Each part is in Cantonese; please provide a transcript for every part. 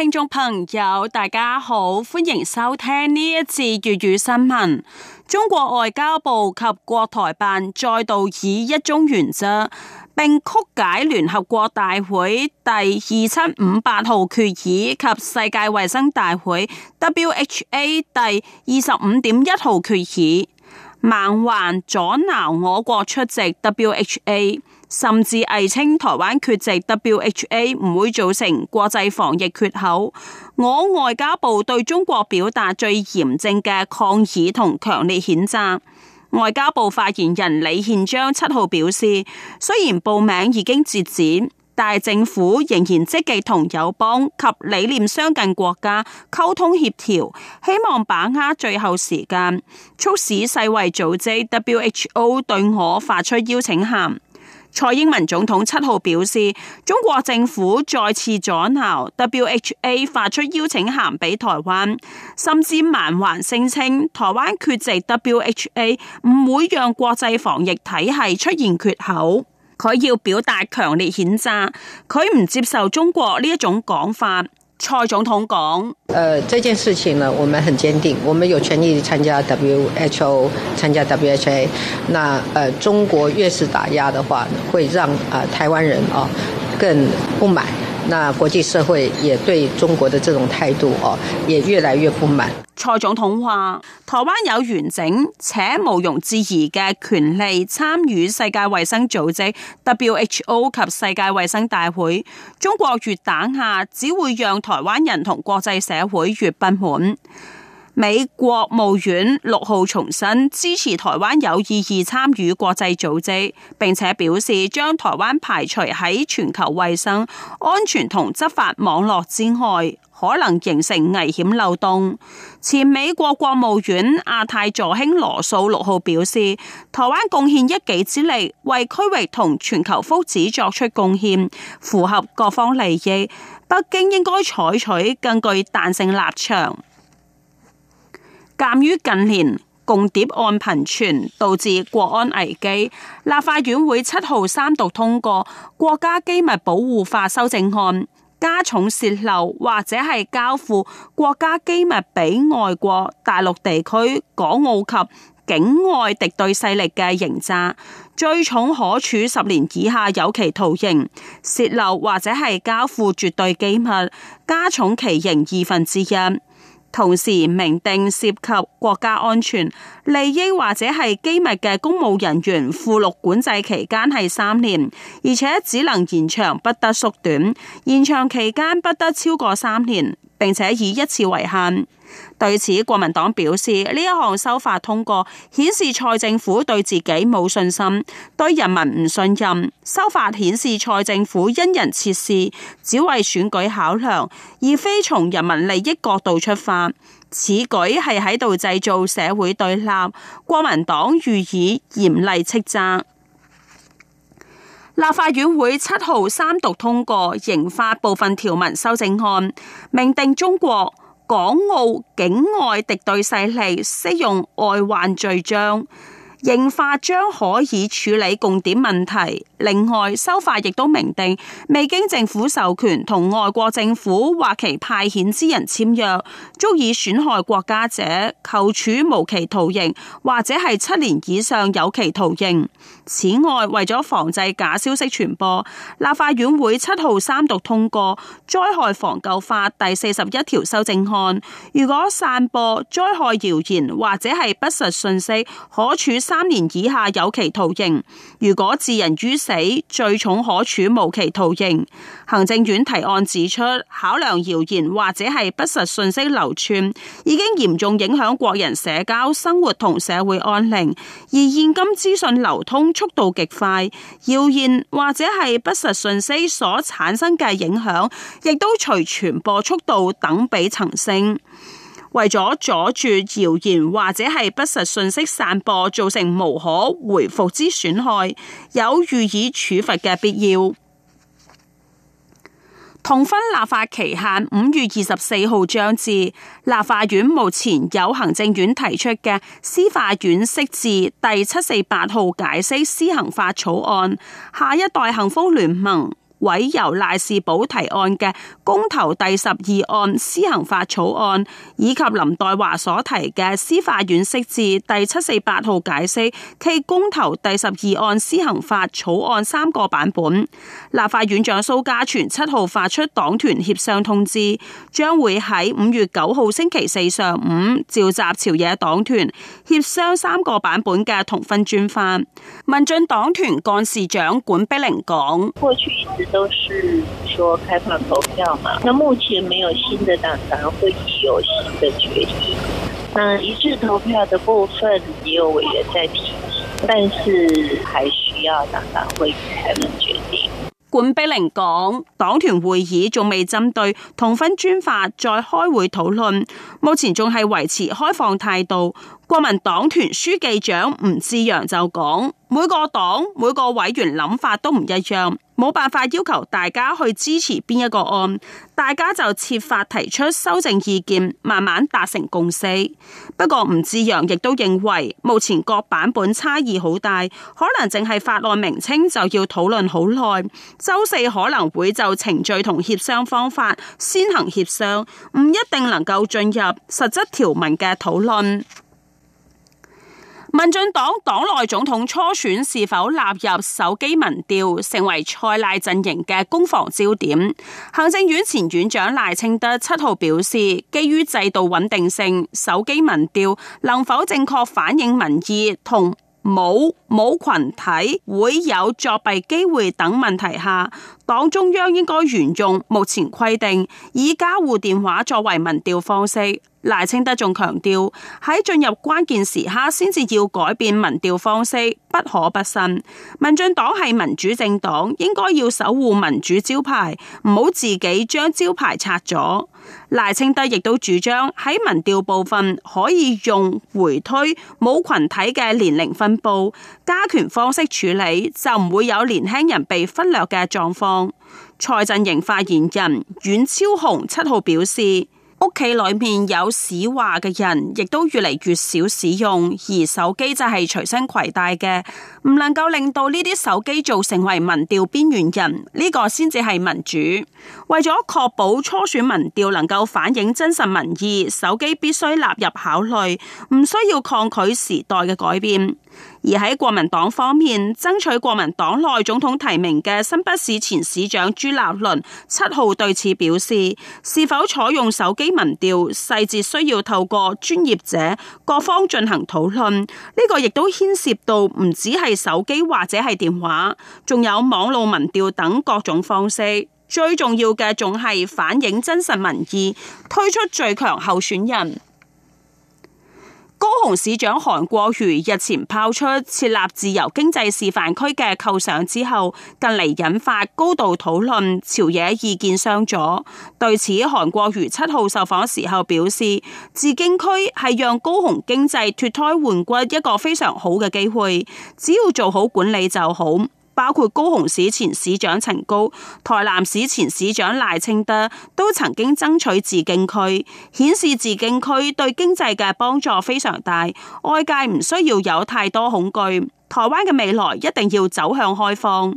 聽眾朋友，大家好，歡迎收聽呢一次粵語新聞。中國外交部及國台辦再度以一中原則，並曲解聯合國大會第二七五八號決議及世界衛生大會 （WHA） 第二十五點一號決議，蠻橫阻撓我國出席 WHA。甚至偽稱台灣缺席 W H A 唔會造成國際防疫缺口。我外交部對中國表達最嚴正嘅抗議同強烈譴責。外交部發言人李憲章七號表示，雖然報名已經截止，但政府仍然積極同友邦及理念相近國家溝通協調，希望把握最後時間，促使世衛組織 W H O 對我發出邀請函。蔡英文總統七號表示，中國政府再次阻撓 WHO 發出邀請函俾台灣，甚至蠻橫聲稱台灣缺席 WHO 唔會讓國際防疫體系出現缺口。佢要表達強烈譴責，佢唔接受中國呢一種講法。蔡總統講，呃，這件事情呢，我們很堅定，我們有權利參加 WHO，參加 WHA。那呃，中國越是打壓的話，會讓啊、呃、台灣人啊、哦、更不滿。那國際社會也對中國的這種態度哦，也越來越不滿。蔡總統話：台灣有完整且毋庸置疑嘅權利參與世界衛生組織 （WHO） 及世界衛生大會。中國越打壓，只會讓台灣人同國際社會越不滿。美國務院六號重申支持台灣有意義參與國際組織，並且表示將台灣排除喺全球衛生安全同執法網絡之外，可能形成危險漏洞。前美國國務院亞太助卿羅素六號表示，台灣貢獻一己之力為區域同全球福祉作出貢獻，符合各方利益。北京應該採取更具彈性立場。鑒於近年共諜案頻傳，導致國安危機，立法院會七號三讀通過《國家機密保護法》修正案，加重洩漏或者係交付國家機密俾外國、大陸地區、港澳及境外敵對勢力嘅刑責，最重可處十年以下有期徒刑；洩漏或者係交付絕對機密，加重其刑二分之一。同時，明定涉及國家安全利益或者係機密嘅公務人員赴陸管制期間係三年，而且只能延長，不得縮短。延長期間不得超過三年，並且以一次為限。對此，國民黨表示呢一項修法通過，顯示蔡政府對自己冇信心，對人民唔信任。修法顯示蔡政府因人設事，只為選舉考量，而非從人民利益角度出發。此舉係喺度製造社會對立，國民黨予以嚴厲斥責。立法院會七號三讀通過刑法部分條文修正案，明定中國、港澳境外敵對勢力適用外患罪章。刑法將可以處理共點問題。另外，修法亦都明定，未經政府授權同外國政府或其派遣之人簽約，足以損害國家者，扣處無期徒刑或者係七年以上有期徒刑。此外，為咗防制假消息傳播，立法院會七號三讀通過《災害防救法》第四十一條修正案。如果散播災害謠言或者係不實訊息，可處。三年以下有期徒刑；如果致人於死，最重可處無期徒刑。行政院提案指出，考量謠言或者係不實信息流竄，已經嚴重影響國人社交、生活同社會安寧。而現今資訊流通速度極快，謠言或者係不實信息所產生嘅影響，亦都隨傳播速度等比層升。為咗阻住謠言或者係不實信息散播做成無可回復之損害，有予以處罰嘅必要。同婚立法期限五月二十四號將至，立法院目前有行政院提出嘅司法院釋字第七四八號解釋施行法草案，下一代幸福聯盟。委由賴士葆提案嘅公投第十二案施行法草案，以及林岱樺所提嘅司法院釋字第七四八號解釋暨公投第十二案施行法草案三個版本。立法院長蘇嘉全七號發出黨團協商通知，將會喺五月九號星期四上午召集朝野黨團協商三個版本嘅同婚專法。民進黨團幹事長管碧玲講。都是說開放投票嘛，那目前沒有新的黨團會議有新的決議，嗯，一致投票的部分也有委員在提，但是還需要黨團會議才能決定。管碧玲講，黨團會議仲未針對同婚專法再開會討論，目前仲係維持開放態度。國民黨團書記長吳志揚就講：每個黨每個委員諗法都唔一樣，冇辦法要求大家去支持邊一個案，大家就設法提出修正意見，慢慢達成共識。不過，吳志揚亦都認為目前各版本差異好大，可能淨係法案名稱就要討論好耐。周四可能會就程序同協商方法先行協商，唔一定能夠進入實質條文嘅討論。民進黨黨內總統初選是否納入手機民調，成為蔡賴陣營嘅攻防焦點。行政院前院長賴清德七號表示，基於制度穩定性、手機民調能否正確反映民意、同冇冇群體會有作弊機會等問題下，黨中央應該沿用目前規定，以家戶電話作為民調方式。賴清德仲強調，喺進入關鍵時刻，先至要改變民調方式，不可不慎。民進黨係民主政黨，應該要守護民主招牌，唔好自己將招牌拆咗。賴清德亦都主張喺民調部分可以用回推冇群體嘅年齡分布加權方式處理，就唔會有年輕人被忽略嘅狀況。蔡陣營發言人阮昭雄七號表示。屋企裏面有市話嘅人，亦都越嚟越少使用，而手機就係隨身攜帶嘅，唔能夠令到呢啲手機做成為民調邊緣人，呢個先至係民主。為咗確保初選民調能夠反映真實民意，手機必須納入考慮，唔需要抗拒時代嘅改變。而喺國民黨方面，爭取國民黨內總統提名嘅新北市前市長朱立倫，七號對此表示：是否採用手機民調，細節需要透過專業者各方進行討論。呢個亦都牽涉到唔止係手機或者係電話，仲有網路民調等各種方式。最重要嘅仲係反映真實民意，推出最強候選人。高雄市長韓國瑜日前拋出設立自由經濟示範區嘅構想之後，近嚟引發高度討論，朝野意見相左。對此，韓國瑜七號受訪時候表示，自經區係讓高雄經濟脫胎換骨一個非常好嘅機會，只要做好管理就好。包括高雄市前市長陳高、台南市前市長賴清德都曾經爭取自經區，顯示自經區對經濟嘅幫助非常大，外界唔需要有太多恐懼。台灣嘅未來一定要走向開放。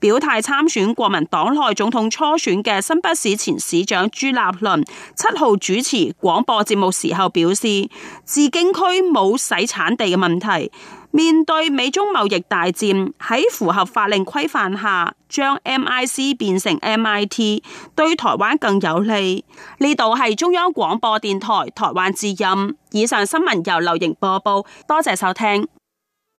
表態參選國民黨內總統初選嘅新北市前市長朱立倫，七號主持廣播節目時候表示，自經區冇洗產地嘅問題。面對美中貿易大戰，喺符合法令規範下，將 MIC 變成 MIT，對台灣更有利。呢度係中央廣播電台台灣之音。以上新聞由劉瑩播報，多謝收聽。